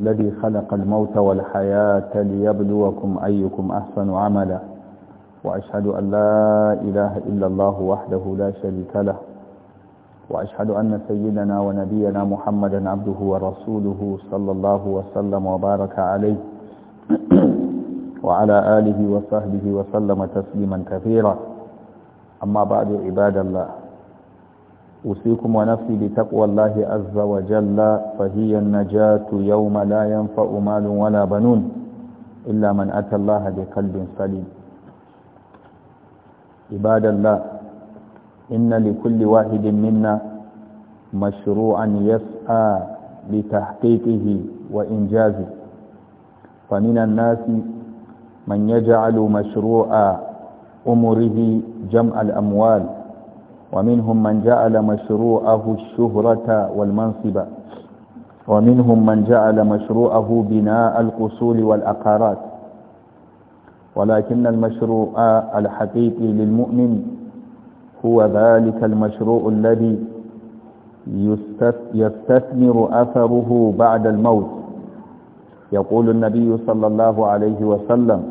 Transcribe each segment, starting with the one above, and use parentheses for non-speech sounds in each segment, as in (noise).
الذي خلق الموت والحياة ليبلوكم أيكم أحسن عملا وأشهد أن لا إله إلا الله وحده لا شريك له وأشهد أن سيدنا ونبينا محمدا عبده ورسوله صلى الله وسلم وبارك عليه (clears throat) وعلى آله وصحبه وسلم تسليما كثيرا أما بعد عباد الله أوصيكم ونفسي بتقوى الله عز وجل فهي النجاة يوم لا ينفع مال ولا بنون إلا من أتى الله بقلب سليم عباد الله إن لكل واحد منا مشروعا يسعى لتحقيقه وإنجازه فمن الناس من يجعل مشروع أمره جمع الأموال ومنهم من جعل مشروعه الشهرة والمنصب ومنهم من جعل مشروعه بناء القصول والعقارات ولكن المشروع الحقيقي للمؤمن هو ذلك المشروع الذي يستثمر أثره بعد الموت يقول النبي صلى الله عليه وسلم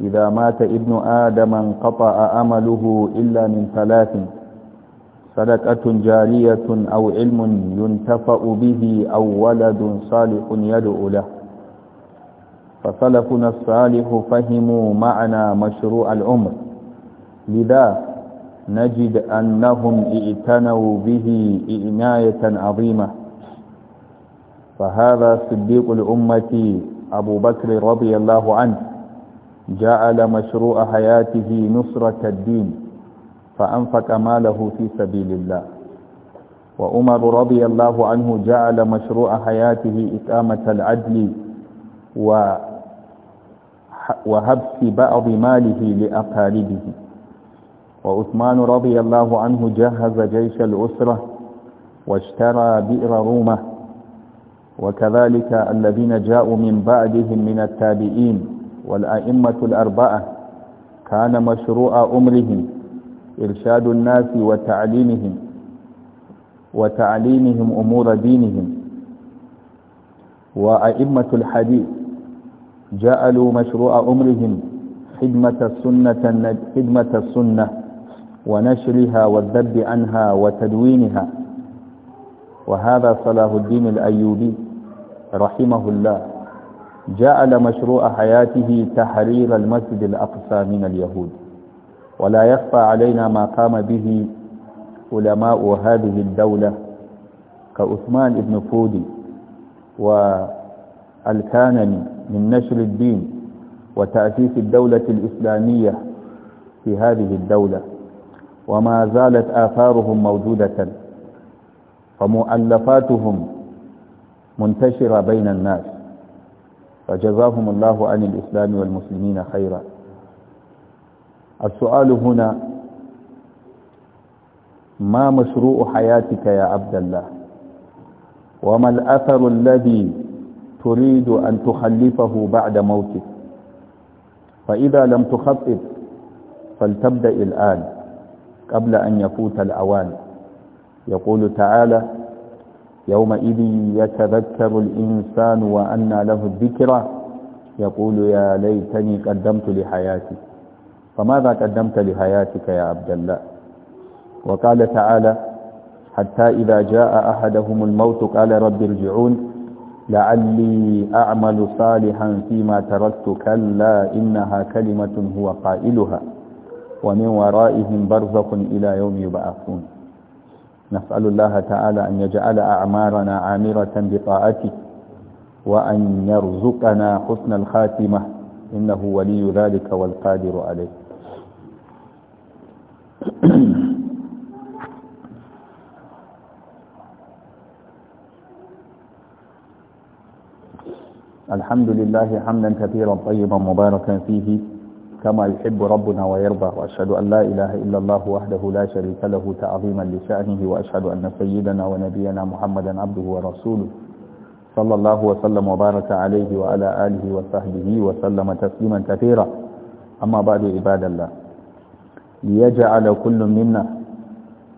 إذا مات ابن آدم انقطع أمله إلا من ثلاث صدقة جارية أو علم ينتفأ به أو ولد صالح يدعو له فسلفنا الصالح فهموا معنى مشروع العمر لذا نجد أنهم اعتنوا به إعناية عظيمة فهذا صديق الأمة أبو بكر رضي الله عنه جعل مشروع حياته نصرة الدين فأنفق ماله في سبيل الله وعمر رضي الله عنه جعل مشروع حياته إقامة العدل وهبس بعض ماله لأقاربه وعثمان رضي الله عنه جهز جيش العسرة واشترى بئر رومه وكذلك الذين جاءوا من بعدهم من التابعين والأئمة الأربعة كان مشروع أمرهم إرشاد الناس وتعليمهم وتعليمهم أمور دينهم وأئمة الحديث جعلوا مشروع أمرهم خدمة السنة, خدمة السنة ونشرها والذب عنها وتدوينها وهذا صلاح الدين الأيوبي رحمه الله جعل مشروع حياته تحرير المسجد الأقصى من اليهود ولا يخفى علينا ما قام به علماء هذه الدولة كأثمان ابن فودي والكانني من نشر الدين وتأسيس الدولة الإسلامية في هذه الدولة وما زالت آثارهم موجودة فمؤلفاتهم منتشرة بين الناس فجزاهم الله عن الإسلام والمسلمين خيرا السؤال هنا ما مشروع حياتك يا عبد الله وما الأثر الذي تريد أن تخلفه بعد موتك فإذا لم تخطط فلتبدأ الآن قبل أن يفوت الأوان يقول تعالى يومئذ يتذكر الإنسان وأنى له الذكرى يقول يا ليتني قدمت لحياتي فماذا قدمت لحياتك يا عبد الله وقال تعالى حتى إذا جاء أحدهم الموت قال رب ارجعون لعلي أعمل صالحا فيما تركت كلا إنها كلمة هو قائلها ومن ورائهم برزق إلى يوم يبعثون نسأل الله تعالى أن يجعل أعمارنا عامرة بطاعته وأن يرزقنا حسن الخاتمة إنه ولي ذلك والقادر عليه (clears throat) الحمد لله حمدا كثيرا طيبا مباركا فيه كما يحب ربنا ويرضى وأشهد أن لا إله إلا الله وحده لا شريك له تعظيما لشأنه وأشهد أن سيدنا ونبينا محمدا عبده ورسوله صلى الله وسلم وبارك عليه وعلى آله وصحبه وسلم تسليما كثيرا أما بعد عباد الله ليجعل كل منا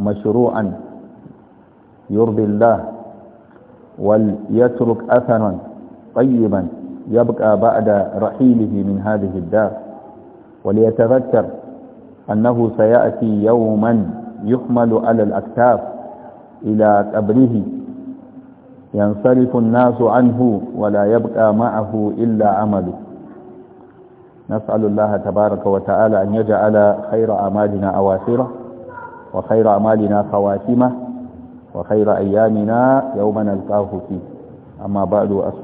مشروعا يرضي الله وليترك أثرا طيبا يبقى بعد رحيله من هذه الدار وليتذكر أنه سيأتي يوما يحمل على الأكتاف إلى قبره ينصرف الناس عنه ولا يبقى معه إلا عمله نسأل الله تبارك وتعالى أن يجعل خير أعمالنا أواخره وخير أعمالنا خواتمه وخير أيامنا يوم نلقاه فيه أما بعد